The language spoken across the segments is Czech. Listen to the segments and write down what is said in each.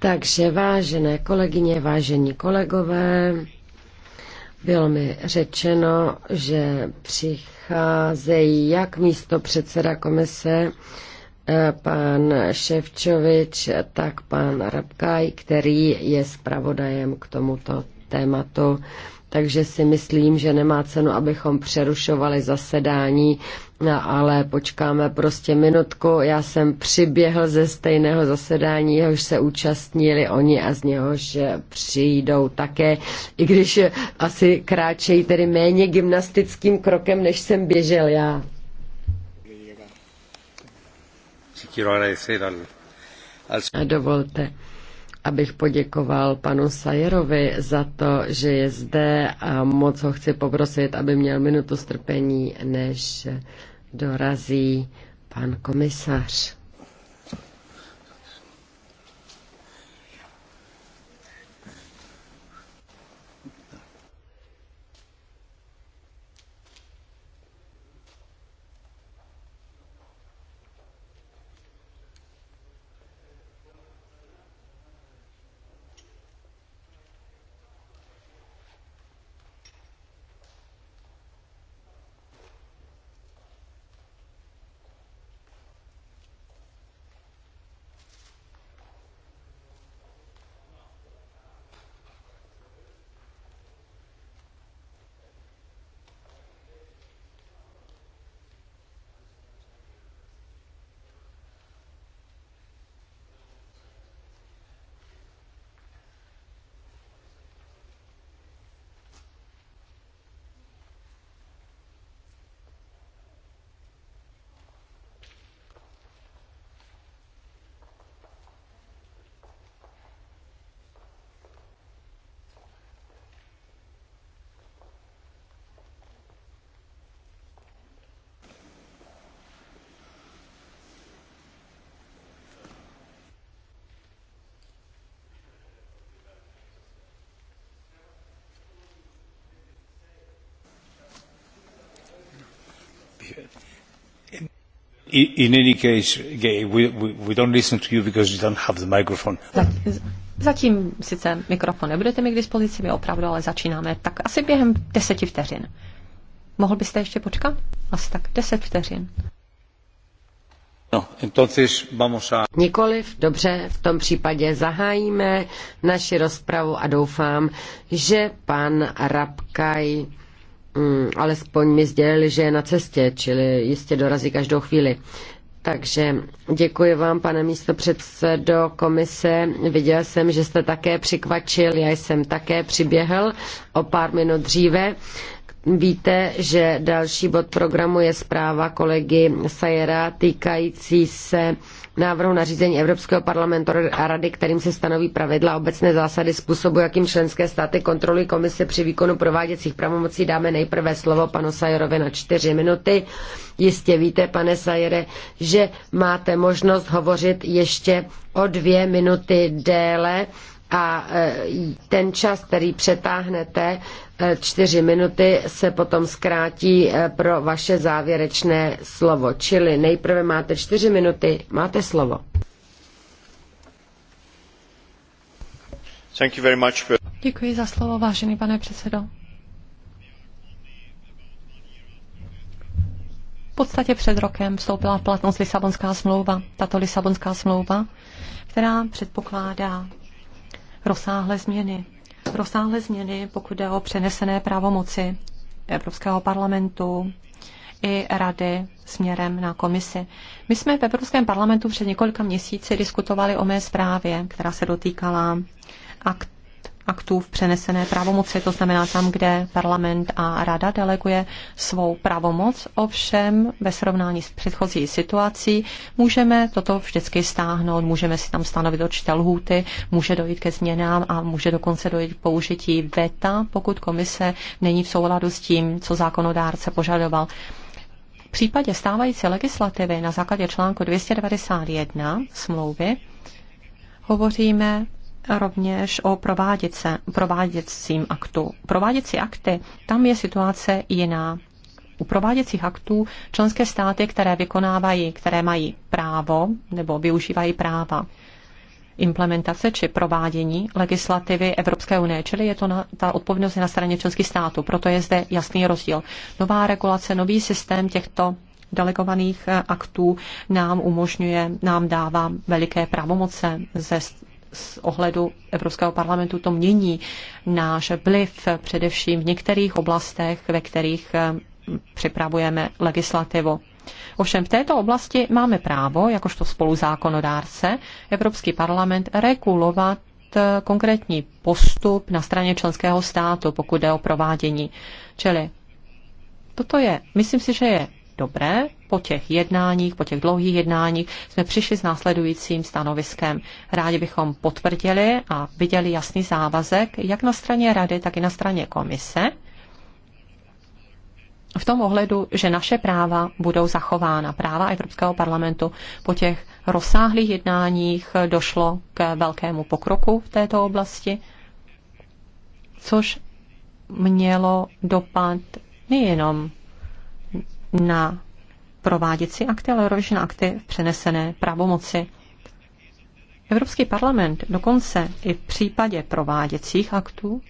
Takže vážené kolegyně, vážení kolegové, bylo mi řečeno, že přicházejí jak místo předseda komise, eh, pan Ševčovič, tak pan Rabkaj, který je zpravodajem k tomuto tématu takže si myslím, že nemá cenu, abychom přerušovali zasedání, no, ale počkáme prostě minutku. Já jsem přiběhl ze stejného zasedání, jehož se účastnili oni a z něhož přijdou také, i když asi kráčejí tedy méně gymnastickým krokem, než jsem běžel já. A dovolte abych poděkoval panu Sajerovi za to, že je zde a moc ho chci poprosit, aby měl minutu strpení, než dorazí pan komisař. Zatím sice mikrofon nebudete mít k dispozici, my opravdu ale začínáme tak asi během deseti vteřin. Mohl byste ještě počkat? Asi tak deset vteřin. No, entonces vamos a... Nikoliv, dobře, v tom případě zahájíme naši rozpravu a doufám, že pan Rabkaj mm, alespoň mi sdělili, že je na cestě, čili jistě dorazí každou chvíli. Takže děkuji vám, pane místo předsedo komise. Viděl jsem, že jste také přikvačil, já jsem také přiběhl o pár minut dříve. Víte, že další bod programu je zpráva kolegy Sajera týkající se návrhu nařízení Evropského parlamentu a rady, kterým se stanoví pravidla obecné zásady způsobu, jakým členské státy kontrolují komise při výkonu prováděcích pravomocí, dáme nejprve slovo panu Sajerovi na čtyři minuty. Jistě víte, pane Sajere, že máte možnost hovořit ještě o dvě minuty déle a e, ten čas, který přetáhnete, čtyři minuty se potom zkrátí eh, pro vaše závěrečné slovo. Čili nejprve máte čtyři minuty, máte slovo. Thank you very much. Děkuji za slovo, vážený pane předsedo. V podstatě před rokem vstoupila v platnost Lisabonská smlouva. Tato Lisabonská smlouva, která předpokládá rozsáhlé změny rozsáhlé změny, pokud jde o přenesené právomoci Evropského parlamentu i rady směrem na komisi. My jsme v Evropském parlamentu před několika měsíci diskutovali o mé zprávě, která se dotýkala akt aktů v přenesené pravomoci, to znamená tam, kde parlament a rada deleguje svou pravomoc. Ovšem ve srovnání s předchozí situací můžeme toto vždycky stáhnout, můžeme si tam stanovit určité lhůty, může dojít ke změnám a může dokonce dojít k použití veta, pokud komise není v souladu s tím, co zákonodárce požadoval. V případě stávající legislativy na základě článku 291 smlouvy hovoříme rovněž o prováděce, prováděcím aktu. Prováděcí akty, tam je situace jiná. U prováděcích aktů členské státy, které vykonávají, které mají právo nebo využívají práva implementace či provádění legislativy Evropské unie, čili je to na, ta odpovědnost je na straně členských států, proto je zde jasný rozdíl. Nová regulace, nový systém těchto delegovaných eh, aktů nám umožňuje, nám dává veliké pravomoce ze z ohledu Evropského parlamentu to mění náš vliv především v některých oblastech, ve kterých eh, připravujeme legislativu. Ovšem v této oblasti máme právo, jakožto spoluzákonodárce, Evropský parlament regulovat eh, konkrétní postup na straně členského státu, pokud jde o provádění. Čili toto je, myslím si, že je dobré. Po těch jednáních, po těch dlouhých jednáních jsme přišli s následujícím stanoviskem. Rádi bychom potvrdili a viděli jasný závazek jak na straně rady, tak i na straně komise v tom ohledu, že naše práva budou zachována. Práva Evropského parlamentu po těch rozsáhlých jednáních došlo k velkému pokroku v této oblasti, což mělo dopad nejenom na prováděcí akty, ale rovněž na akty v přenesené pravomoci. Evropský parlament dokonce i v případě prováděcích aktů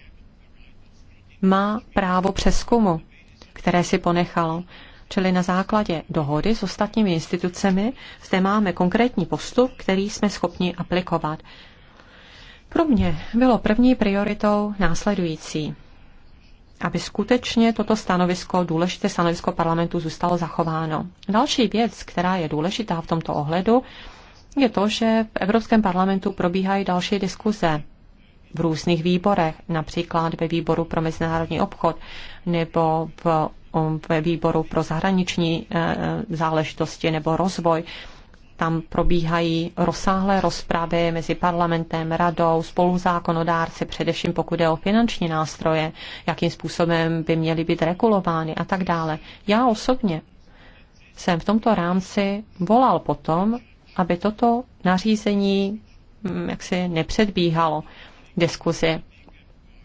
má právo přeskumu, které si ponechalo. Čili na základě dohody s ostatními institucemi zde máme konkrétní postup, který jsme schopni aplikovat. Pro mě bylo první prioritou následující aby skutečně toto stanovisko, důležité stanovisko parlamentu zůstalo zachováno. Další věc, která je důležitá v tomto ohledu, je to, že v Evropském parlamentu probíhají další diskuze v různých výborech, například ve výboru pro mezinárodní obchod nebo v, ve výboru pro zahraniční eh, eh, záležitosti nebo rozvoj. Tam probíhají rozsáhlé rozpravy mezi parlamentem, radou, spoluzákonodárci, především pokud je o finanční nástroje, jakým způsobem by měly být regulovány a tak dále. Já osobně jsem v tomto rámci volal potom, aby toto nařízení mm, jaksi nepředbíhalo diskuzi,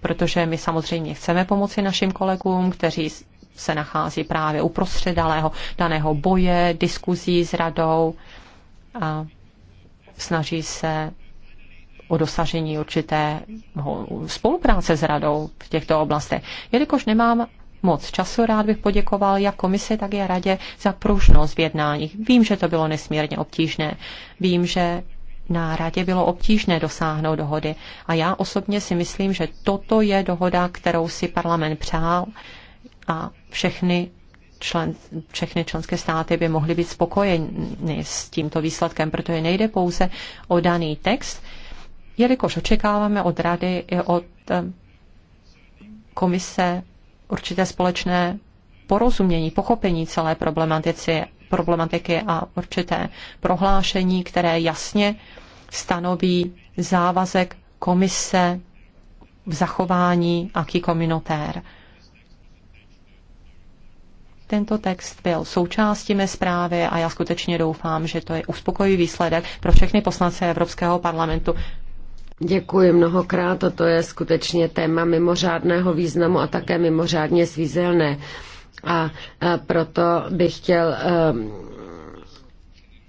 protože my samozřejmě chceme pomoci našim kolegům, kteří se nachází právě uprostřed daného boje, diskuzí s radou a snaží se o dosažení určité spolupráce s radou v těchto oblastech. Jelikož nemám moc času, rád bych poděkoval jak komisi, tak i radě za pružnost v jednání. Vím, že to bylo nesmírně obtížné. Vím, že na radě bylo obtížné dosáhnout dohody. A já osobně si myslím, že toto je dohoda, kterou si parlament přál a všechny člen, všechny členské státy by mohly být spokojeny s tímto výsledkem, protože nejde pouze o daný text, jelikož očekáváme od Rady i od eh, komise určité společné porozumění, pochopení celé problematici, problematiky a určité prohlášení, které jasně stanoví závazek komise v zachování aký komunitér. Tento text byl součástí mé zprávy a já skutečně doufám, že to je uspokojivý výsledek pro všechny poslance Evropského parlamentu. Děkuji mnohokrát, toto je skutečně téma mimořádného významu a také mimořádně svízelné. A, proto bych chtěl ehm,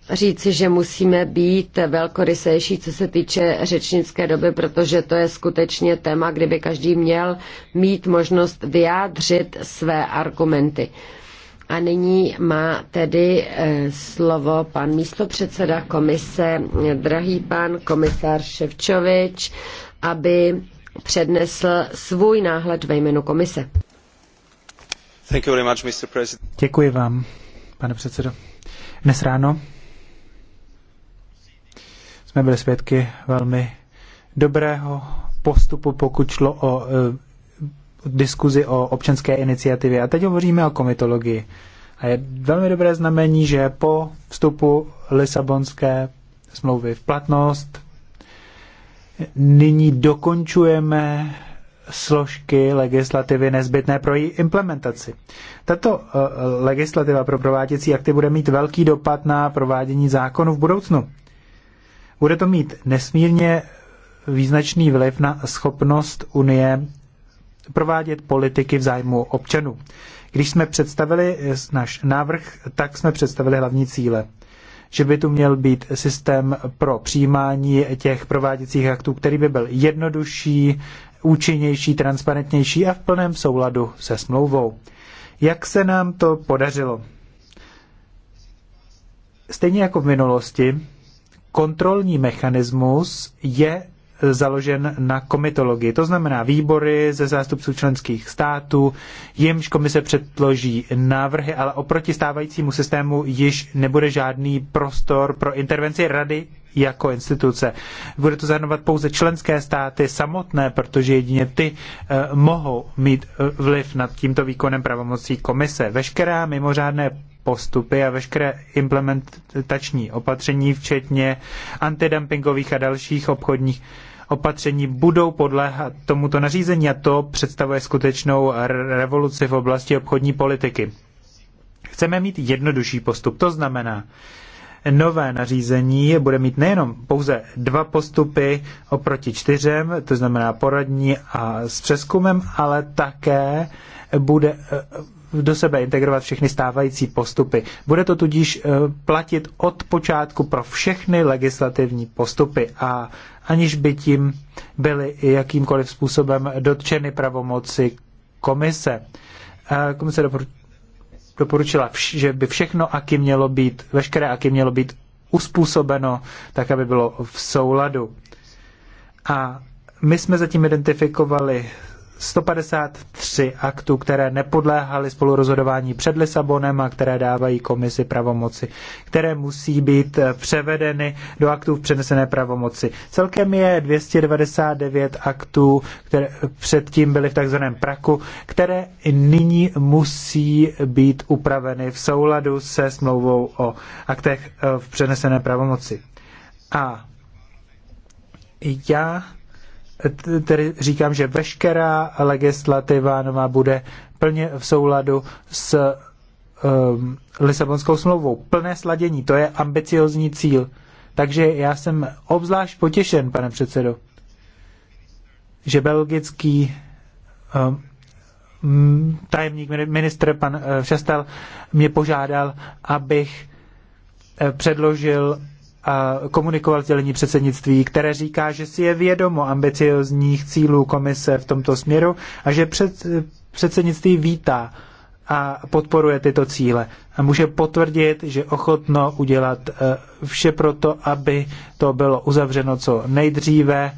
říci, že musíme být velkorysejší, co se týče řečnické doby, protože to je skutečně téma, kdyby každý měl mít možnost vyjádřit své argumenty. A nyní má tedy eh, slovo pan místopředseda komise, drahý pan komisár Ševčovič, aby přednesl svůj náhled ve jménu komise. Much, Mr. President. Děkuji vám, pane předsedo. Dnes ráno jsme byli svědky velmi dobrého postupu, pokud šlo o eh, diskuzi o občanské iniciativě. A teď hovoříme o komitologii. A je velmi dobré znamení, že po vstupu Lisabonské smlouvy v platnost nyní dokončujeme složky legislativy nezbytné pro její implementaci. Tato eh, legislativa pro prováděcí akty bude mít velký dopad na provádění zákonu v budoucnu. Bude to mít nesmírně význačný vliv na schopnost Unie provádět politiky v zájmu občanů. Když jsme představili eh, náš návrh, tak jsme představili hlavní cíle. Že by tu měl být systém pro přijímání těch prováděcích aktů, který by byl jednodušší, účinnější, transparentnější a v plném souladu se smlouvou. Jak se nám to podařilo? Stejně jako v minulosti, kontrolní mechanismus je založen na komitologii. To znamená výbory ze zástupců členských států, jimž komise předloží návrhy, ale oproti stávajícímu systému již nebude žádný prostor pro intervenci rady jako instituce. Bude to zahrnovat pouze členské státy samotné, protože jedině ty eh, mohou mít eh, vliv nad tímto výkonem pravomocí komise. Veškerá mimořádné postupy a veškeré implementační opatření, včetně antidumpingových a dalších obchodních opatření budou podléhat tomuto nařízení a to představuje skutečnou revoluci v oblasti obchodní politiky. Chceme mít jednodušší postup, to znamená, nové nařízení bude mít nejenom pouze dva postupy oproti čtyřem, to znamená poradní a s přeskumem, ale také bude do sebe integrovat všechny stávající postupy. Bude to tudíž eh, platit od počátku pro všechny legislativní postupy a aniž by tím byly jakýmkoliv způsobem dotčeny pravomoci komise. Eh, komise doporučila, že by všechno aky mělo být, veškeré aky mělo být uspůsobeno tak, aby bylo v souladu. A my jsme zatím identifikovali 153 aktů, které nepodléhaly spolurozhodování před Lisabonem a které dávají komisi pravomoci, které musí být eh, převedeny do aktů v přenesené pravomoci. Celkem je 299 aktů, které předtím byly v takzvaném praku, které nyní musí být upraveny v souladu se smlouvou o aktech eh, v přenesené pravomoci. A já tedy říkám, že veškerá legislativa nová bude plně v souladu s um, Lisabonskou smlouvou. Plné sladění, to je ambiciozní cíl. Takže já jsem obzvlášť potěšen, pane předsedo, že belgický um, tajemník ministr pan eh, Šastel mě požádal, abych eh, předložil komunikoval sdělení předsednictví, které říká, že si je vědomo ambiciozních cílů komise v tomto směru a že před, předsednictví vítá a podporuje tyto cíle. A může potvrdit, že ochotno udělat eh, vše pro to, aby to bylo uzavřeno co nejdříve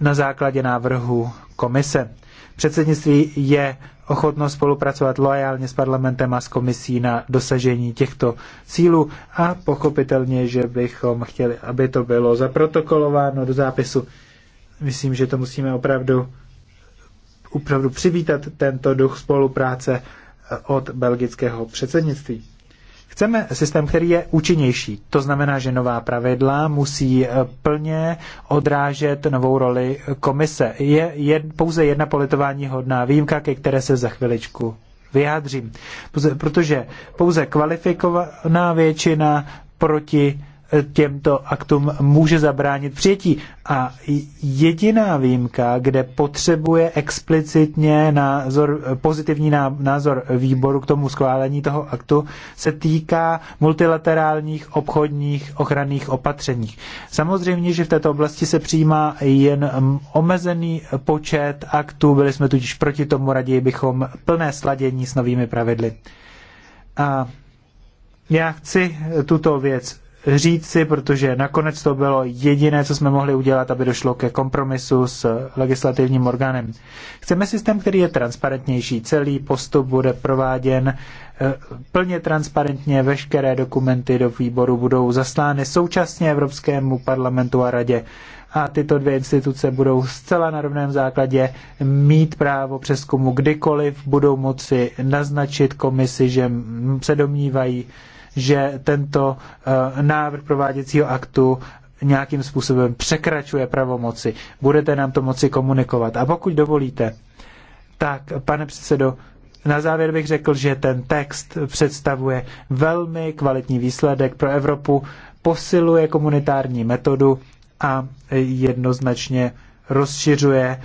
na základě návrhu komise. Předsednictví je ochotno spolupracovat loajálně s parlamentem a s komisí na dosažení těchto cílů a pochopitelně, že bychom chtěli, aby to bylo zaprotokolováno do zápisu. Myslím, že to musíme opravdu, opravdu přivítat tento duch spolupráce od belgického předsednictví. Chceme systém, který je účinnější. To znamená, že nová pravidla musí eh, plně odrážet novou roli eh, komise. Je, je pouze jedna politování hodná výjimka, ke které se za chviličku vyjádřím. Protože pouze kvalifikovaná většina proti těmto aktům může zabránit přijetí. A jediná výjimka, kde potřebuje explicitně názor, pozitivní názor výboru k tomu schválení toho aktu, se týká multilaterálních obchodních ochranných opatření. Samozřejmě, že v této oblasti se přijímá jen omezený počet aktů, byli jsme tudíž proti tomu, raději bychom plné sladění s novými pravidly. A já chci tuto věc říci, protože nakonec to bylo jediné, co jsme mohli udělat, aby došlo ke kompromisu s legislativním orgánem. Chceme systém, který je transparentnější. Celý postup bude prováděn eh, plně transparentně, veškeré dokumenty do výboru budou zaslány současně Evropskému parlamentu a radě. A tyto dvě instituce budou zcela na rovném základě mít právo přeskumu kdykoliv, budou moci naznačit komisi, že se domnívají, že tento eh, návrh prováděcího aktu nějakým způsobem překračuje pravomoci. Budete nám to moci komunikovat. A pokud dovolíte, tak, pane předsedo, na závěr bych řekl, že ten text představuje velmi kvalitní výsledek pro Evropu, posiluje komunitární metodu a jednoznačně rozšiřuje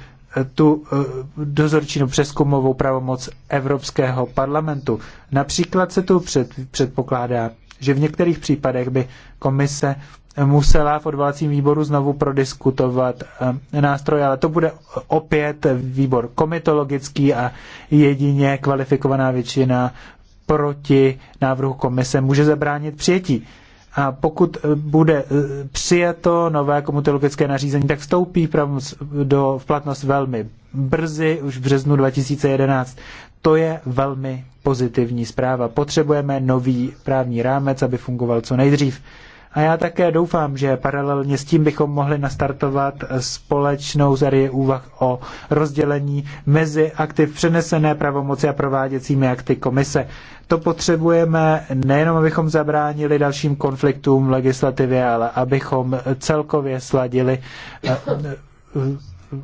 tu eh, dozorčí no, přeskumovou pravomoc Evropského parlamentu. Například se tu před, předpokládá, že v některých případech by komise musela v odvolacím výboru znovu prodiskutovat eh, nástroje, ale to bude opět výbor komitologický a jedině kvalifikovaná většina proti návrhu komise může zabránit přijetí. A pokud eh, bude eh, přijato nové komitologické nařízení, tak vstoupí do, v platnost velmi brzy, už v březnu 2011. To je velmi pozitivní zpráva. Potřebujeme nový právní rámec, aby fungoval co nejdřív. A já také doufám, že paralelně s tím bychom mohli nastartovat společnou sérii úvah o rozdělení mezi v přenesené pravomoci a prováděcími akty komise. To potřebujeme nejenom, abychom zabránili dalším konfliktům v legislativě, ale abychom celkově sladili eh, eh,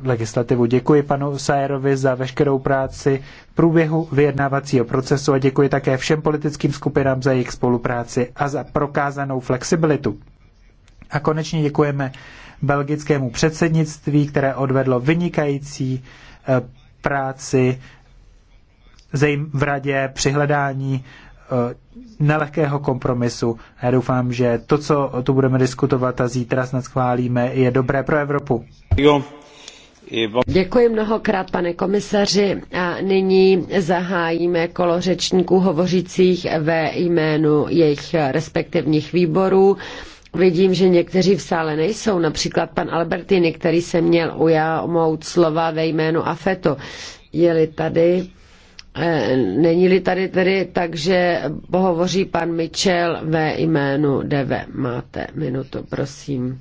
legislativu. Děkuji panu Sajerovi za veškerou práci v průběhu vyjednávacího procesu a děkuji také všem politickým skupinám za jejich spolupráci a za prokázanou flexibilitu. A konečně děkujeme belgickému předsednictví, které odvedlo vynikající eh, práci v radě při hledání eh, nelehkého kompromisu. Já doufám, že to, co tu budeme diskutovat a zítra snad schválíme, je dobré pro Evropu. Jo. Děkuji mnohokrát, pane komisaři. A nyní zahájíme kolo řečníků hovořících ve jménu jejich respektivních výborů. Vidím, že někteří v sále nejsou, například pan Albertini, který se měl ujmout slova ve jménu Afeto. Je-li tady, eh, není-li tady tedy, takže pohovoří pan Mitchell ve jménu Deve. Máte minutu, prosím.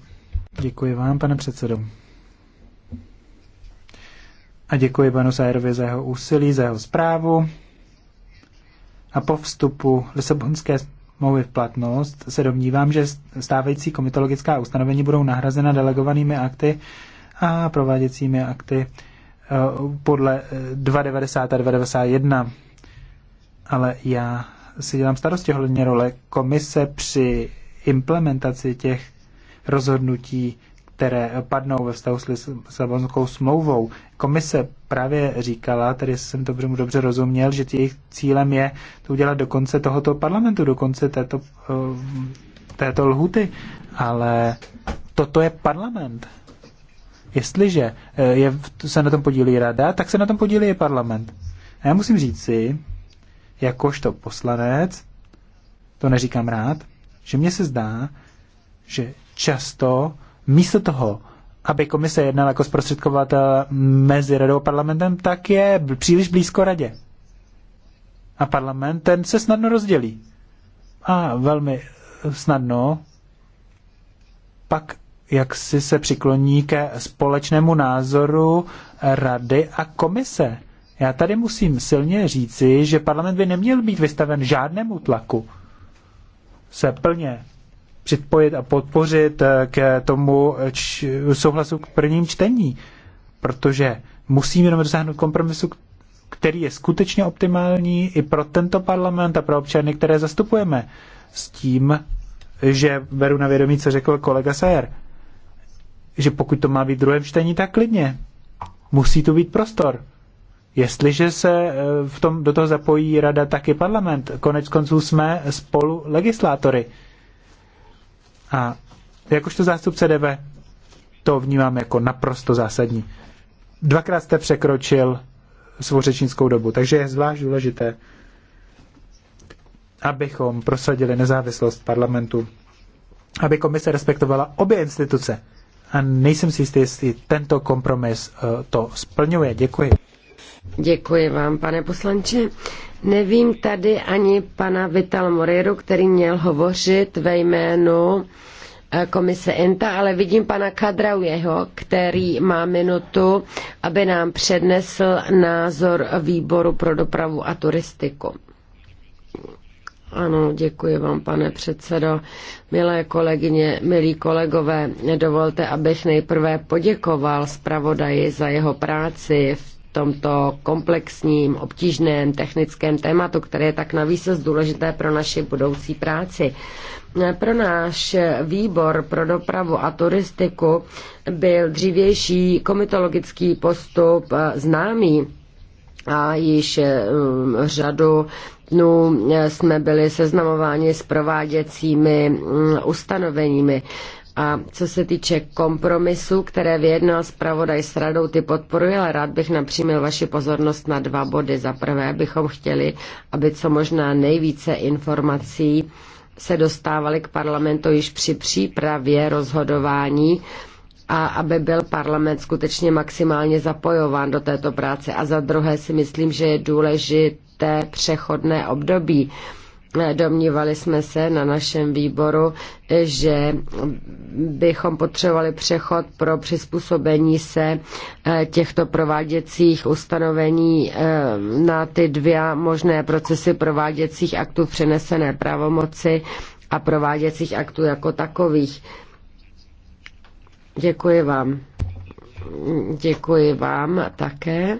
Děkuji vám, pane předsedo a děkuji panu Sajerovi za jeho úsilí, za jeho zprávu. A po vstupu Lisabonské smlouvy v platnost se domnívám, že stávající komitologická ustanovení budou nahrazena delegovanými akty a prováděcími akty eh, podle 290 eh, a 291. Ale já si dělám starosti hledně role komise při implementaci těch rozhodnutí které padnou ve vztahu s Lisabonskou smlouvou. Komise právě říkala, tady jsem to mu dobře rozuměl, že jejich cílem je to udělat do konce tohoto parlamentu, do konce této, eh, této lhuty, ale toto je parlament. Jestliže eh, je, se na tom podílí rada, tak se na tom podílí i parlament. A já musím říct si, jakožto poslanec, to neříkám rád, že mně se zdá, že často místo toho, aby komise jednala jako zprostředkovatel mezi radou a parlamentem, tak je příliš blízko radě. A parlament ten se snadno rozdělí. A velmi snadno pak jak si se přikloní ke společnému názoru rady a komise. Já tady musím silně říci, že parlament by neměl být vystaven žádnému tlaku se plně připojit a podpořit eh, k tomu souhlasu k prvním čtení, protože musíme jenom dosáhnout kompromisu, který je skutečně optimální i pro tento parlament a pro občany, které zastupujeme. S tím, že beru na vědomí, co řekl kolega Sayer, že pokud to má být druhém čtení, tak klidně. Musí tu být prostor. Jestliže se eh, v tom, do toho zapojí rada, tak i parlament. Konec konců jsme spolu legislátory. A jakožto zástupce DV to vnímám jako naprosto zásadní. Dvakrát jste překročil svou řečnickou dobu, takže je zvlášť důležité, abychom prosadili nezávislost parlamentu, aby komise respektovala obě instituce. A nejsem si jistý, jestli tento kompromis eh, to splňuje. Děkuji. Děkuji vám, pane poslanče. Nevím tady ani pana Vital Moreiru, který měl hovořit ve jménu eh, komise ENTA, ale vidím pana Kadraujeho, který má minutu, aby nám přednesl názor výboru pro dopravu a turistiku. Ano, děkuji vám, pane předsedo. Milé kolegyně, milí kolegové, dovolte, abych nejprve poděkoval zpravodaji za jeho práci v tomto komplexním, obtížném technickém tématu, které je tak navíc důležité pro naši budoucí práci. Pro náš výbor pro dopravu a turistiku byl dřívější komitologický postup eh, známý a již eh, mm, řadu dnů eh, jsme byli seznamováni s prováděcími mm, ustanoveními. A co se týče kompromisu, které vyjednal zpravodaj s radou, ty podporuji, ale rád bych napřímil vaši pozornost na dva body. Za prvé bychom chtěli, aby co možná nejvíce informací se dostávaly k parlamentu již při přípravě rozhodování a aby byl parlament skutečně maximálně zapojován do této práce. A za druhé si myslím, že je důležité přechodné období Domnívali jsme se na našem výboru, že bychom potřebovali přechod pro přizpůsobení se eh, těchto prováděcích ustanovení eh, na ty dvě možné procesy prováděcích aktů přenesené pravomoci a prováděcích aktů jako takových. Děkuji vám. Děkuji vám také.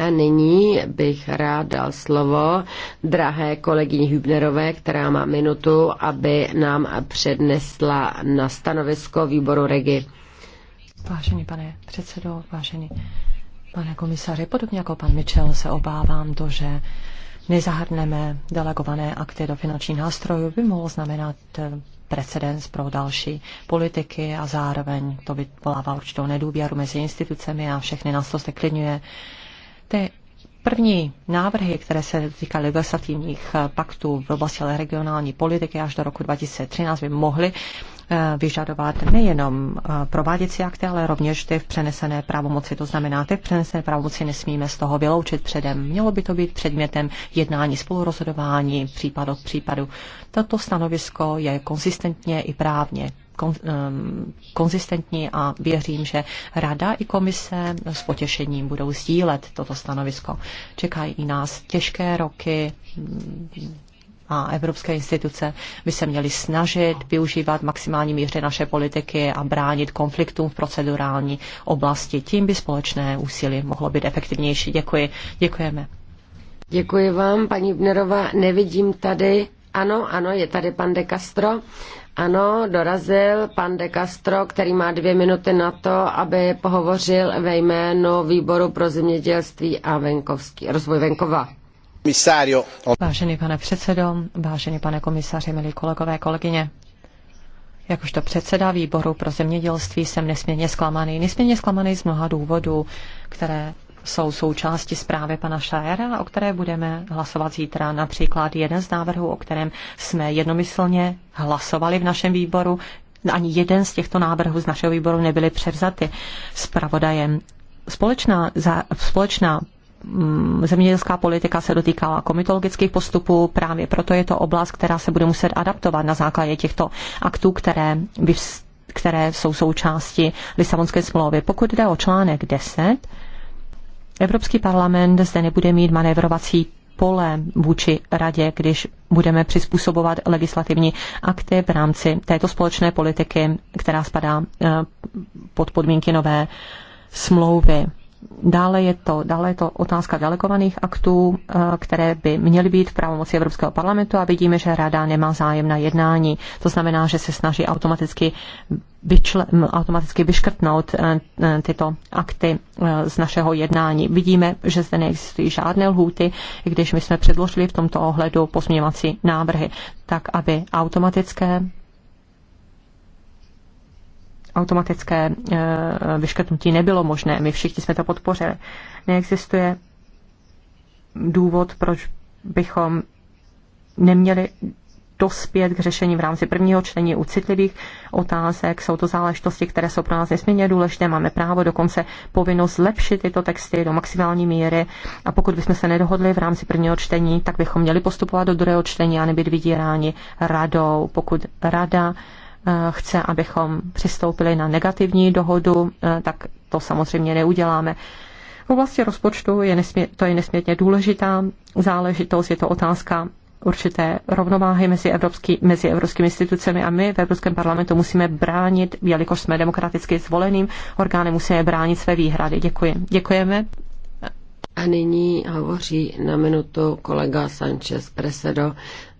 A nyní bych rád dal slovo drahé kolegyni Hübnerové, která má minutu, aby nám přednesla na stanovisko výboru Regi. Vážený pane předsedo, vážený pane komisaři, podobně jako pan Mitchell se obávám to, že nezahrneme delegované akty do finančních nástrojů, by mohlo znamenat eh, precedens pro další politiky a zároveň to vyvolává určitou nedůvěru mezi institucemi a všechny nás to zdeklidňuje. Ty první návrhy, které se týkaly legislativních eh, paktů v oblasti regionální politiky až do roku 2013, by mohly eh, vyžadovat nejenom eh, prováděcí akty, ale rovněž ty v přenesené pravomoci. To znamená, ty v přenesené pravomoci nesmíme z toho vyloučit předem. Mělo by to být předmětem jednání spolurozhodování případ od případu. Toto stanovisko je konsistentně i právně kon, um, konzistentní a věřím, že Rada i komise s potěšením budou sdílet toto stanovisko. Čekají i nás těžké roky mm, a evropské instituce by se měly snažit využívat maximální míře naše politiky a bránit konfliktům v procedurální oblasti. Tím by společné úsilí mohlo být efektivnější. Děkuji. Děkujeme. Děkuji vám, paní Bnerová. Nevidím tady. Ano, ano, je tady pan De Castro. Ano, dorazil pan De Castro, který má dvě minuty na to, aby pohovořil ve jménu Výboru pro zemědělství a venkovský, rozvoj venkova. Vážený pane předsedo, vážený pane komisaři, milí kolegové, kolegyně. Jakožto předseda výboru pro zemědělství jsem nesmírně zklamaný. Nesmírně zklamaný z mnoha důvodů, které jsou součástí zprávy pana Šajera, o které budeme hlasovat zítra. Například jeden z návrhů, o kterém jsme jednomyslně hlasovali v našem výboru, ani jeden z těchto návrhů z našeho výboru nebyly převzaty zpravodajem. Společná, za, společná mm, zemědělská politika se dotýkala komitologických postupů, právě proto je to oblast, která se bude muset adaptovat na základě těchto aktů, které, které jsou součástí Lisabonské smlouvy. Pokud jde o článek 10, Evropský parlament zde nebude mít manévrovací pole vůči radě, když budeme přizpůsobovat legislativní akty v rámci této společné politiky, která spadá eh, pod podmínky nové smlouvy. Dále je to, dále je to otázka delegovaných aktů, eh, které by měly být v pravomoci Evropského parlamentu a vidíme, že Rada nemá zájem na jednání. To znamená, že se snaží automaticky, vyčle, automaticky vyškrtnout eh, eh, tyto akty z našeho jednání. Vidíme, že zde neexistují žádné lhůty, když my jsme předložili v tomto ohledu pozměňovací návrhy, tak aby automatické automatické eh, vyškrtnutí nebylo možné. My všichni jsme to podpořili. Neexistuje důvod, proč bychom neměli dospět k řešení v rámci prvního čtení u citlivých otázek. Jsou to záležitosti, které jsou pro nás nesmírně důležité. Máme právo dokonce povinnost zlepšit tyto texty do maximální míry. A pokud bychom se nedohodli v rámci prvního čtení, tak bychom měli postupovat do druhého čtení a nebyt vydíráni radou. Pokud rada Eh, chce, abychom přistoupili na negativní dohodu, eh, tak to samozřejmě neuděláme. V oblasti rozpočtu je nesmě, to je nesmírně důležitá záležitost, je to otázka určité rovnováhy mezi, evropský, mezi evropskými institucemi a my v Evropském parlamentu musíme bránit, jelikož jsme demokraticky zvoleným orgánem, musíme bránit své výhrady. Děkuji. Děkujeme, a nyní hovoří na minutu kolega Sanchez Presedo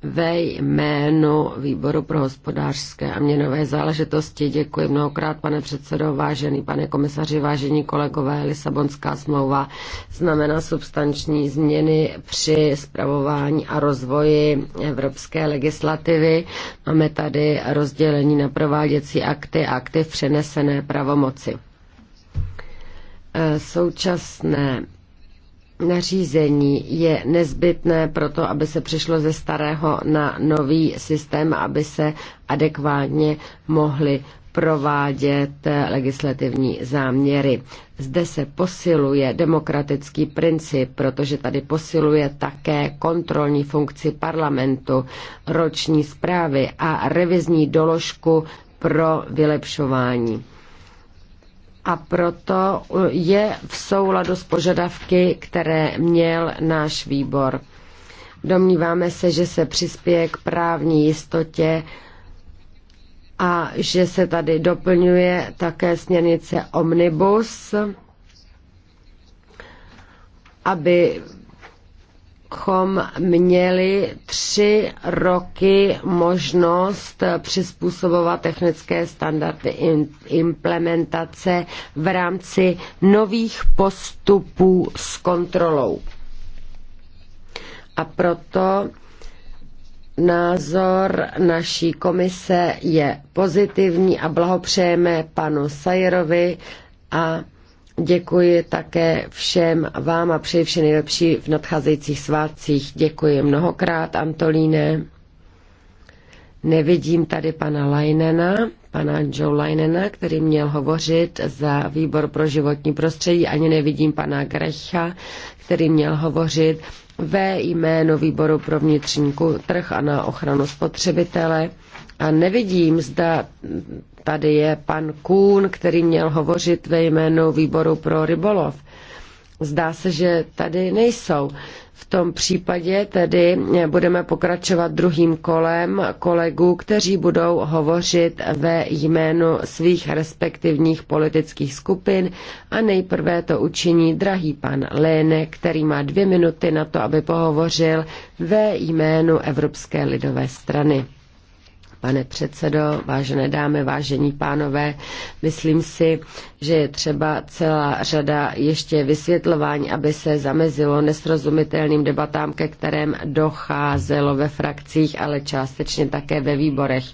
ve jménu Výboru pro hospodářské a měnové záležitosti. Děkuji mnohokrát, pane předsedo, vážený pane komisaři, vážení kolegové. Lisabonská smlouva znamená substanční změny při zpravování a rozvoji evropské legislativy. Máme tady rozdělení na prováděcí akty a akty v přenesené pravomoci. E, současné nařízení je nezbytné pro to, aby se přišlo ze starého na nový systém, aby se adekvátně mohly provádět legislativní záměry. Zde se posiluje demokratický princip, protože tady posiluje také kontrolní funkci parlamentu, roční zprávy a revizní doložku pro vylepšování a proto uh, je v souladu s požadavky, které měl náš výbor. Domníváme se, že se přispěje k právní jistotě a že se tady doplňuje také směrnice Omnibus, aby bychom měli tři roky možnost přizpůsobovat technické standardy implementace v rámci nových postupů s kontrolou. A proto názor naší komise je pozitivní a blahopřejeme panu Sajerovi a Děkuji také všem vám a přeji vše nejlepší v nadcházejících svátcích. Děkuji mnohokrát, Antolíne. Nevidím tady pana Lajnena, pana Joe Lajnena, který měl hovořit za výbor pro životní prostředí. Ani nevidím pana Grecha, který měl hovořit ve jménu výboru pro vnitřní trh a na ochranu spotřebitele. A nevidím, zda tady je pan Kůn, který měl hovořit ve jménu výboru pro rybolov. Zdá se, že tady nejsou. V tom případě tedy budeme pokračovat druhým kolem kolegů, kteří budou hovořit ve jménu svých respektivních politických skupin a nejprve to učiní drahý pan Léne, který má dvě minuty na to, aby pohovořil ve jménu Evropské lidové strany. Pane předsedo, vážené dámy, vážení pánové, myslím si, že je třeba celá řada ještě vysvětlování, aby se zamezilo nesrozumitelným debatám, ke kterém docházelo ve frakcích, ale částečně také ve výborech.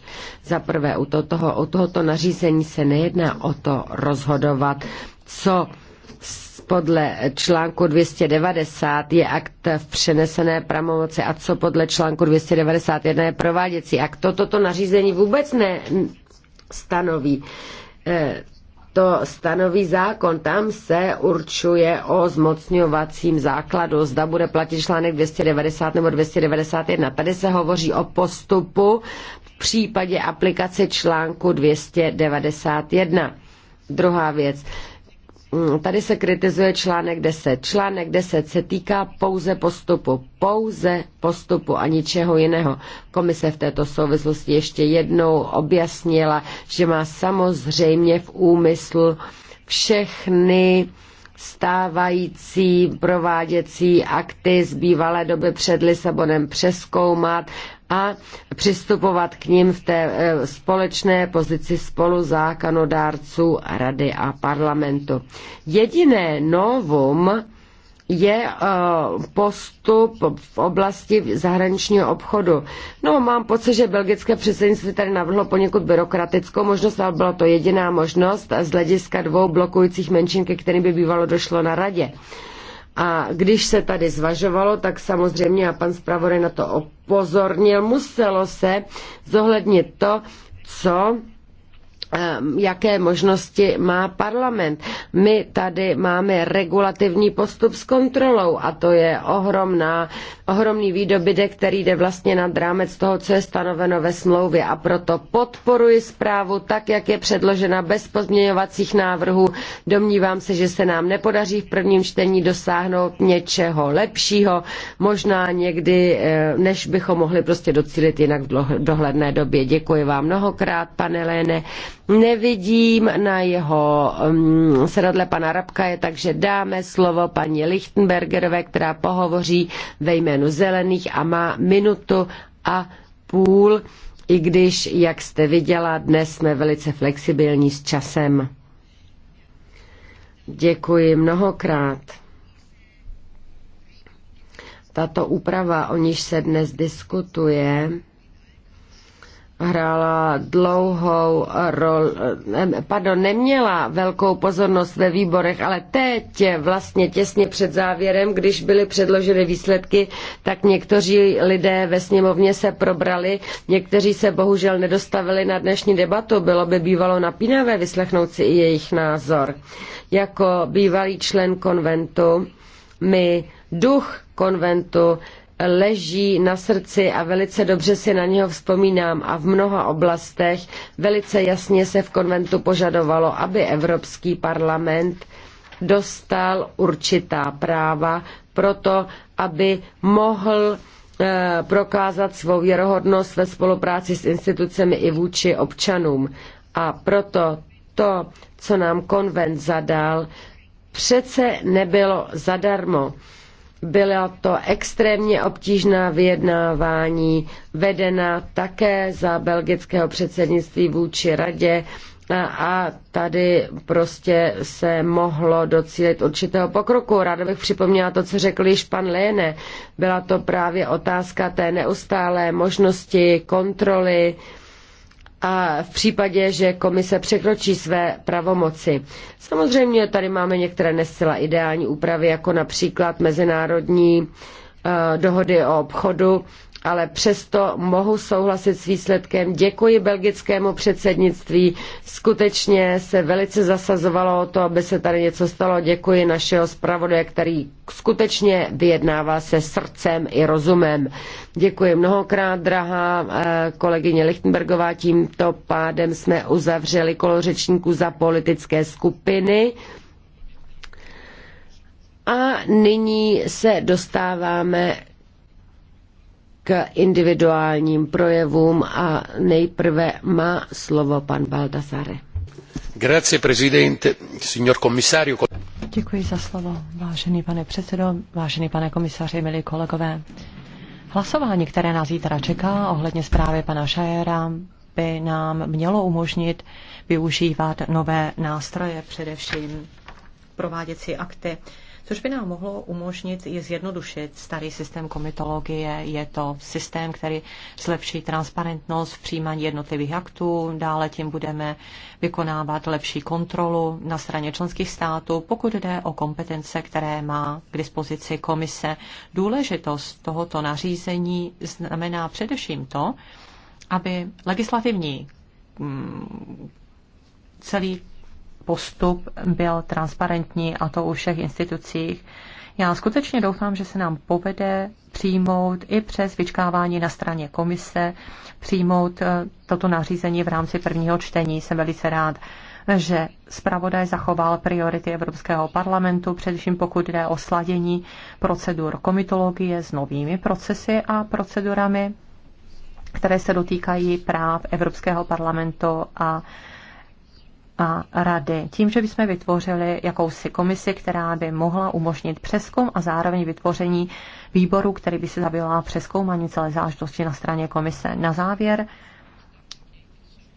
Za prvé, u, toho, u tohoto nařízení se nejedná o to rozhodovat, co podle článku 290 je akt v přenesené pramomoci a co podle článku 291 je prováděcí akt. Toto to nařízení vůbec ne stanoví. E, to stanoví zákon, tam se určuje o zmocňovacím základu, zda bude platit článek 290 nebo 291. Tady se hovoří o postupu v případě aplikace článku 291. Druhá věc. Mm, tady se kritizuje článek 10. Článek 10 se týká pouze postupu, pouze postupu a ničeho jiného. Komise v této souvislosti ještě jednou objasnila, že má samozřejmě v úmyslu všechny stávající prováděcí akty z bývalé doby před Lisabonem přeskoumat a přistupovat k ním v té e, společné pozici spolu zákonodárců Rady a parlamentu. Jediné novum, je e, postup v oblasti zahraničního obchodu. No, mám pocit, že belgické předsednictví tady navrhlo poněkud byrokratickou možnost, ale byla to jediná možnost z hlediska dvou blokujících menšin, ke kterým by bývalo došlo na radě. A když se tady zvažovalo, tak samozřejmě, a pan zpravodaj na to opozornil, muselo se zohlednit to, co Ehm, jaké možnosti má parlament. My tady máme regulativní postup s kontrolou a to je ohromná, ohromný výdobytek, který jde vlastně nad rámec toho, co je stanoveno ve smlouvě a proto podporuji zprávu tak, jak je předložena bez pozměňovacích návrhů. Domnívám se, že se nám nepodaří v prvním čtení dosáhnout něčeho lepšího, možná někdy, eh, než bychom mohli prostě docílit jinak v dohledné době. Děkuji vám mnohokrát, pane Léne nevidím na jeho um, sedadle pana Rabka je, takže dáme slovo paní Lichtenbergerové, která pohovoří ve jménu zelených a má minutu a půl, i když, jak jste viděla, dnes jsme velice flexibilní s časem. Děkuji mnohokrát. Tato úprava, o níž se dnes diskutuje, hrála dlouhou rol, eh, pardon, neměla velkou pozornost ve výborech, ale teď vlastně těsně před závěrem, když byly předloženy výsledky, tak někteří lidé ve sněmovně se probrali, někteří se bohužel nedostavili na dnešní debatu, bylo by bývalo napínavé vyslechnout si i jejich názor. Jako bývalý člen konventu, my duch konventu leží na srdci a velice dobře si na něho vzpomínám a v mnoha oblastech velice jasně se v konventu požadovalo, aby Evropský parlament dostal určitá práva proto, aby mohl eh, prokázat svou věrohodnost ve spolupráci s institucemi i vůči občanům. A proto to, co nám konvent zadal, přece nebylo zadarmo. Byla to extrémně obtížná vyjednávání, vedena také za belgického předsednictví vůči radě a tady prostě se mohlo docílit určitého pokroku. Ráda bych připomněla to, co řekl již pan Léne. Byla to právě otázka té neustálé možnosti kontroly, a v případě, že komise překročí své pravomoci. Samozřejmě tady máme některé nescela ideální úpravy, jako například mezinárodní eh, dohody o obchodu, ale přesto mohu souhlasit s výsledkem. Děkuji belgickému předsednictví. Skutečně se velice zasazovalo o to, aby se tady něco stalo. Děkuji našeho zpravodaje, který skutečně vyjednává se srdcem i rozumem. Děkuji mnohokrát, drahá eh, kolegyně Lichtenbergová. Tímto pádem jsme uzavřeli kolo řečníků za politické skupiny. A nyní se dostáváme k individuálním projevům a nejprve má slovo pan Baldassare. Grazie, presidente, signor commissario. Děkuji za slovo, vážený pane předsedo, vážený pane komisaři, milí kolegové. Hlasování, které nás zítra čeká ohledně zprávy pana Šajera, by nám mělo umožnit využívat nové nástroje, především prováděcí akty což by nám mohlo umožnit i zjednodušit starý systém komitologie. Je to systém, který zlepší transparentnost v přijímání jednotlivých aktů, dále tím budeme vykonávat lepší kontrolu na straně členských států, pokud jde o kompetence, které má k dispozici komise. Důležitost tohoto nařízení znamená především to, aby legislativní mm, celý postup byl transparentní a to u všech institucích. Já skutečně doufám, že se nám povede přijmout i přes vyčkávání na straně komise, přijmout eh, toto nařízení v rámci prvního čtení. Jsem velice rád, že zpravodaj zachoval priority Evropského parlamentu, především pokud jde o sladění procedur komitologie s novými procesy a procedurami, které se dotýkají práv Evropského parlamentu a a rady. Tím, že bychom vytvořili jakousi komisi, která by mohla umožnit přeskum a zároveň vytvoření výboru, který by se zabývala přeskoumání celé záležitosti na straně komise. Na závěr,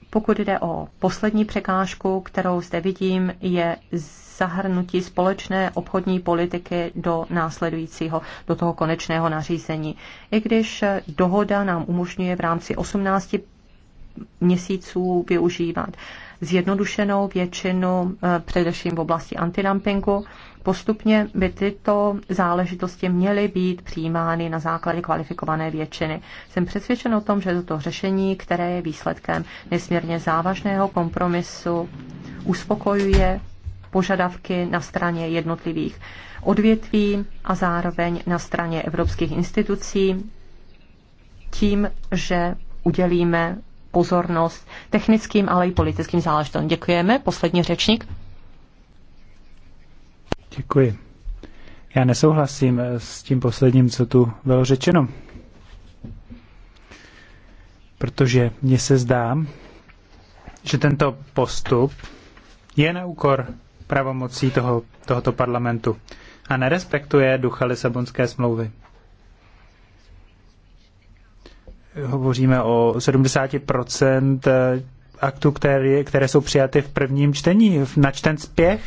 pokud jde o poslední překážku, kterou zde vidím, je zahrnutí společné obchodní politiky do následujícího, do toho konečného nařízení. I když dohoda nám umožňuje v rámci 18 měsíců využívat zjednodušenou většinu, eh, především v oblasti antidumpingu. Postupně by tyto záležitosti měly být přijímány na základě kvalifikované většiny. Jsem přesvědčen o tom, že toto řešení, které je výsledkem nesmírně závažného kompromisu, uspokojuje požadavky na straně jednotlivých odvětví a zároveň na straně evropských institucí tím, že udělíme pozornost technickým, ale i politickým záležitostem. Děkujeme. Poslední řečník. Děkuji. Já nesouhlasím eh, s tím posledním, co tu bylo řečeno. Protože mně se zdá, že tento postup je na úkor pravomocí toho, tohoto parlamentu a nerespektuje ducha Lisabonské smlouvy. hovoříme o 70% eh, aktů, které, které jsou přijaty v prvním čtení, v načten spěch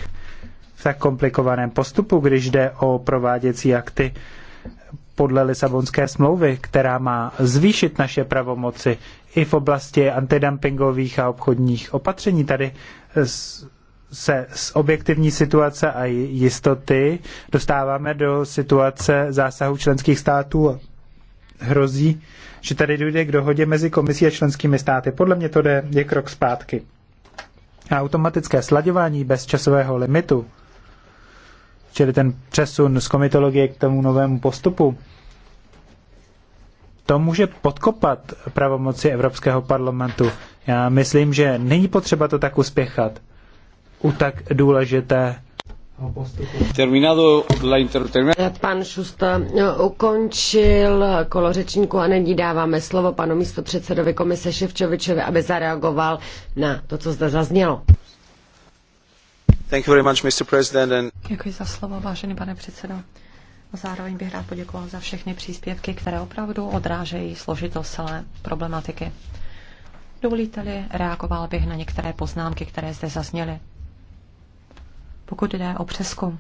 v tak komplikovaném postupu, když jde o prováděcí akty podle Lisabonské smlouvy, která má zvýšit naše pravomoci i v oblasti antidumpingových a obchodních opatření. Tady se z objektivní situace a jistoty dostáváme do situace zásahu členských států. Hrozí, že tady dojde k dohodě mezi komisí a členskými státy. Podle mě to jde, je krok zpátky. A automatické sladěvání bez časového limitu, čili ten přesun z komitologie k tomu novému postupu, to může podkopat pravomoci Evropského parlamentu. Já myslím, že není potřeba to tak uspěchat u tak důležité Terminado la inter... Pan Šusta eh, ukončil kolo řečníků a nyní dáváme slovo panu místopředsedovi komise Ševčovičovi, aby zareagoval na to, co zde zaznělo. Thank you very much, Mr. President, and... Děkuji za slovo, vážený pane předsedo. Zároveň bych rád poděkoval za všechny příspěvky, které opravdu odrážejí složitost celé problematiky. Dovolíte-li, reagoval bych na některé poznámky, které zde zazněly pokud jde o přeskum,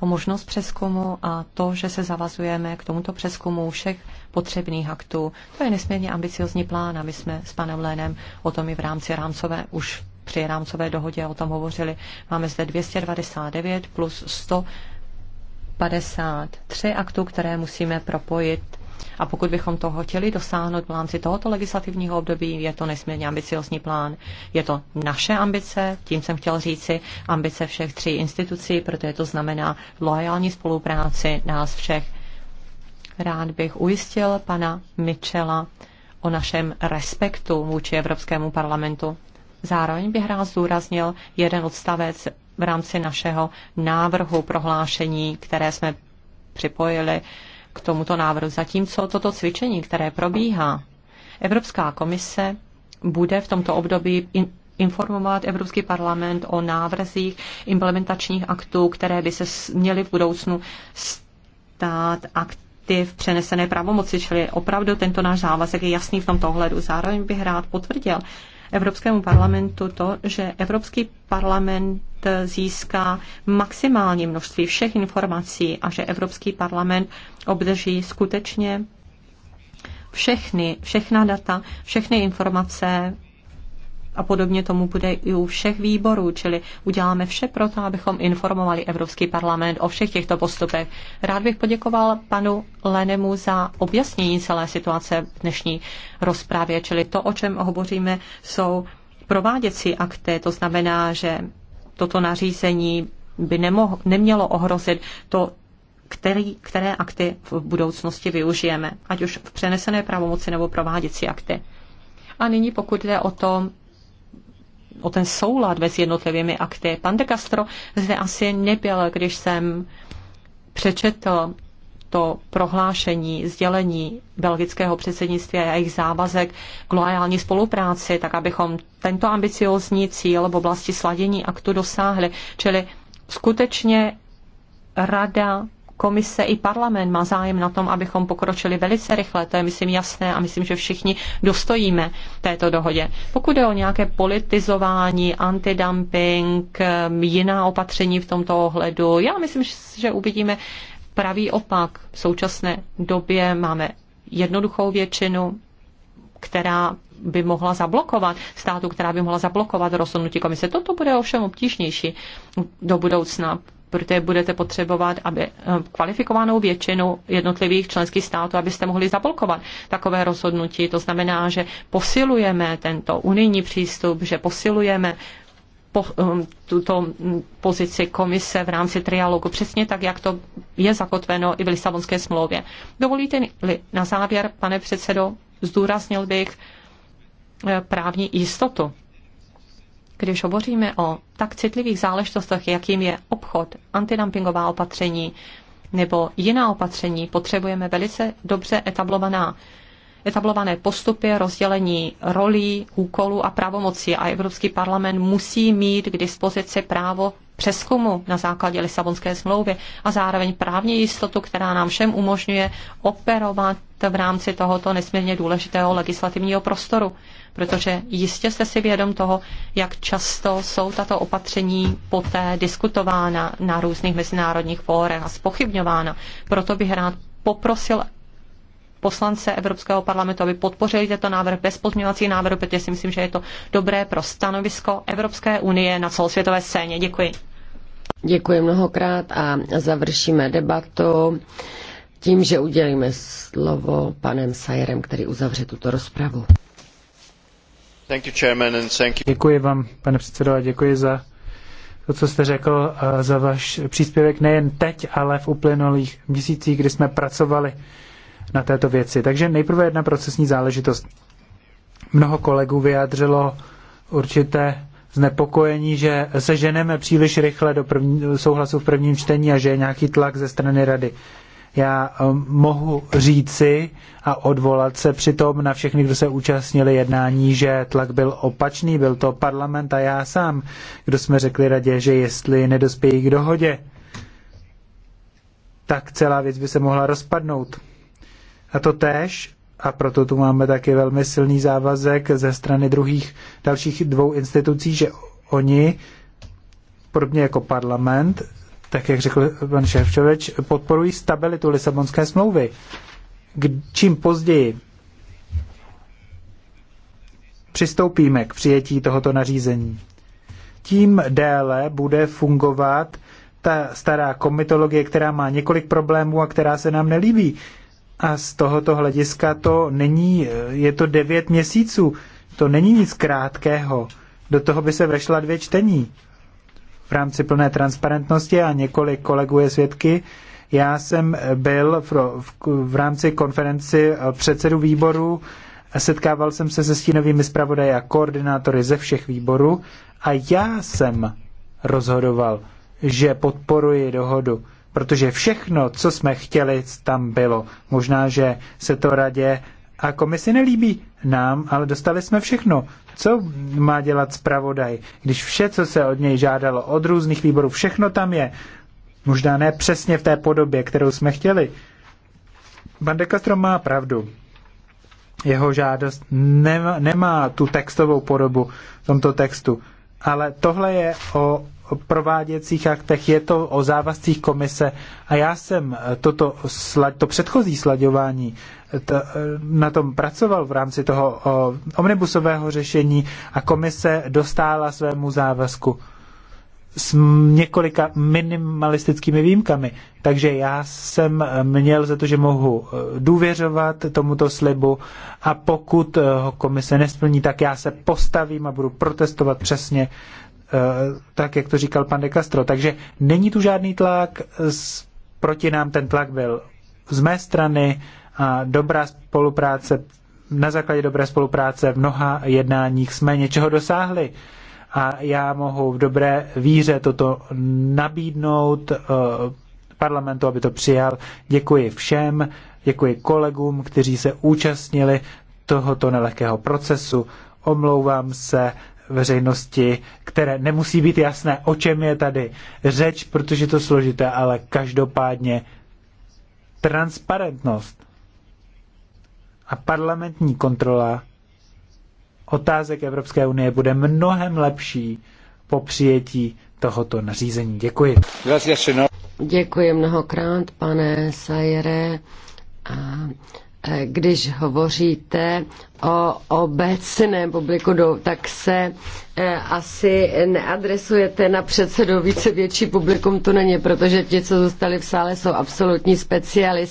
o možnost přeskumu a to, že se zavazujeme k tomuto přeskumu všech potřebných aktů. To je nesmírně ambiciozní plán a my jsme s panem Lénem o tom i v rámci rámcové už při rámcové dohodě o tom hovořili. Máme zde 299 plus 153 aktů, které musíme propojit a pokud bychom toho chtěli dosáhnout v rámci tohoto legislativního období, je to nesmírně ambiciozní plán. Je to naše ambice, tím jsem chtěl říci ambice všech tří institucí, protože to znamená loajální spolupráci nás všech. Rád bych ujistil pana Michela o našem respektu vůči Evropskému parlamentu. Zároveň bych rád zdůraznil jeden odstavec v rámci našeho návrhu prohlášení, které jsme připojili k tomuto návrhu. Zatímco toto cvičení, které probíhá, Evropská komise bude v tomto období informovat Evropský parlament o návrzích implementačních aktů, které by se měly v budoucnu stát aktiv přenesené pravomoci, čili opravdu tento náš závazek je jasný v tomto ohledu. Zároveň bych rád potvrdil Evropskému parlamentu to, že Evropský parlament získá maximální množství všech informací a že Evropský parlament obdrží skutečně všechny, všechna data, všechny informace a podobně tomu bude i u všech výborů, čili uděláme vše pro to, abychom informovali Evropský parlament o všech těchto postupech. Rád bych poděkoval panu Lenemu za objasnění celé situace v dnešní rozprávě, čili to, o čem hovoříme, jsou prováděcí akty, to znamená, že toto nařízení by nemoh- nemělo ohrozit to, který, které akty v budoucnosti využijeme, ať už v přenesené pravomoci nebo prováděcí akty. A nyní pokud jde o to, o ten soulad mezi jednotlivými akty. Pan de Castro zde asi nebyl, když jsem přečetl to prohlášení, sdělení belgického předsednictví a jejich závazek k loajální spolupráci, tak abychom tento ambiciozní cíl v oblasti sladění aktu dosáhli. Čili skutečně rada komise i parlament má zájem na tom, abychom pokročili velice rychle. To je, myslím, jasné a myslím, že všichni dostojíme této dohodě. Pokud je o nějaké politizování, antidumping, um, jiná opatření v tomto ohledu, já myslím, že uvidíme pravý opak. V současné době máme jednoduchou většinu, která by mohla zablokovat, státu, která by mohla zablokovat rozhodnutí komise. Toto bude ovšem obtížnější do budoucna protože budete potřebovat aby eh, kvalifikovanou většinu jednotlivých členských států, abyste mohli zablokovat takové rozhodnutí. To znamená, že posilujeme tento unijní přístup, že posilujeme po, eh, tuto hm, pozici komise v rámci trialogu, přesně tak, jak to je zakotveno i v Lisabonské smlouvě. Dovolíte-li na závěr, pane předsedo, zdůraznil bych eh, právní jistotu když hovoříme o tak citlivých záležitostech, jakým je obchod, antidumpingová opatření nebo jiná opatření, potřebujeme velice dobře etablovaná etablované postupy, rozdělení rolí, úkolů a pravomocí a Evropský parlament musí mít k dispozici právo přeskumu na základě Lisabonské smlouvy a zároveň právní jistotu, která nám všem umožňuje operovat v rámci tohoto nesmírně důležitého legislativního prostoru. Protože jistě jste si vědom toho, jak často jsou tato opatření poté diskutována na různých mezinárodních fórech a spochybňována. Proto bych rád poprosil poslance Evropského parlamentu, aby podpořili tento návrh bez pozměňovacích návrhů, protože si myslím, že je to dobré pro stanovisko Evropské unie na celosvětové scéně. Děkuji. Děkuji mnohokrát a završíme debatu tím, že udělíme slovo panem Sajerem, který uzavře tuto rozpravu. Děkuji vám, pane předsedo, a děkuji za to, co jste řekl, za váš příspěvek nejen teď, ale v uplynulých měsících, kdy jsme pracovali na této věci. Takže nejprve jedna procesní záležitost. Mnoho kolegů vyjádřilo určité znepokojení, že se ženeme příliš rychle do první, souhlasu v prvním čtení a že je nějaký tlak ze strany rady. Já um, mohu říci a odvolat se přitom na všechny, kdo se účastnili jednání, že tlak byl opačný, byl to parlament a já sám, kdo jsme řekli radě, že jestli nedospějí k dohodě, tak celá věc by se mohla rozpadnout. A to též a proto tu máme taky velmi silný závazek ze strany druhých dalších dvou institucí, že oni, podobně jako parlament, tak jak řekl pan Ševčovič, podporují stabilitu Lisabonské smlouvy. Čím později přistoupíme k přijetí tohoto nařízení, tím déle bude fungovat ta stará komitologie, která má několik problémů a která se nám nelíbí. A z tohoto hlediska to není, je to devět měsíců, to není nic krátkého. Do toho by se vešla dvě čtení. V rámci plné transparentnosti a několik kolegů je svědky, já jsem byl v, v, v rámci konferenci předsedu výboru, setkával jsem se se stínovými zpravodaji a koordinátory ze všech výborů a já jsem rozhodoval, že podporuji dohodu protože všechno, co jsme chtěli, tam bylo. Možná, že se to radě a komisi nelíbí nám, ale dostali jsme všechno. Co má dělat zpravodaj, když vše, co se od něj žádalo od různých výborů, všechno tam je. Možná ne přesně v té podobě, kterou jsme chtěli. Van de Castro má pravdu. Jeho žádost nemá, nemá tu textovou podobu v tomto textu. Ale tohle je o prováděcích aktech, je to o závazcích komise a já jsem eh, toto to předchozí slaďování eh, to, eh, na tom pracoval v rámci toho o, omnibusového řešení a komise dostála svému závazku s několika minimalistickými výjimkami. Takže já jsem měl za to, že mohu důvěřovat tomuto slibu a pokud ho komise nesplní, tak já se postavím a budu protestovat přesně Eh, tak jak to říkal pan de Castro. Takže není tu žádný tlak, proti nám ten tlak byl z mé strany a dobrá spolupráce, na základě dobré spolupráce v mnoha jednáních jsme něčeho dosáhli. A já mohu v dobré víře toto nabídnout eh, parlamentu, aby to přijal. Děkuji všem, děkuji kolegům, kteří se účastnili tohoto nelehkého procesu. Omlouvám se veřejnosti, které nemusí být jasné, o čem je tady řeč, protože to složité, ale každopádně transparentnost a parlamentní kontrola otázek Evropské unie bude mnohem lepší po přijetí tohoto nařízení. Děkuji. Děkuji mnohokrát, pane Sajere. A Eh, když hovoříte o obecném publiku, tak se eh, asi neadresujete na předsedu více větší publikum, to není, protože ti, co zůstali v sále, jsou absolutní specialisté.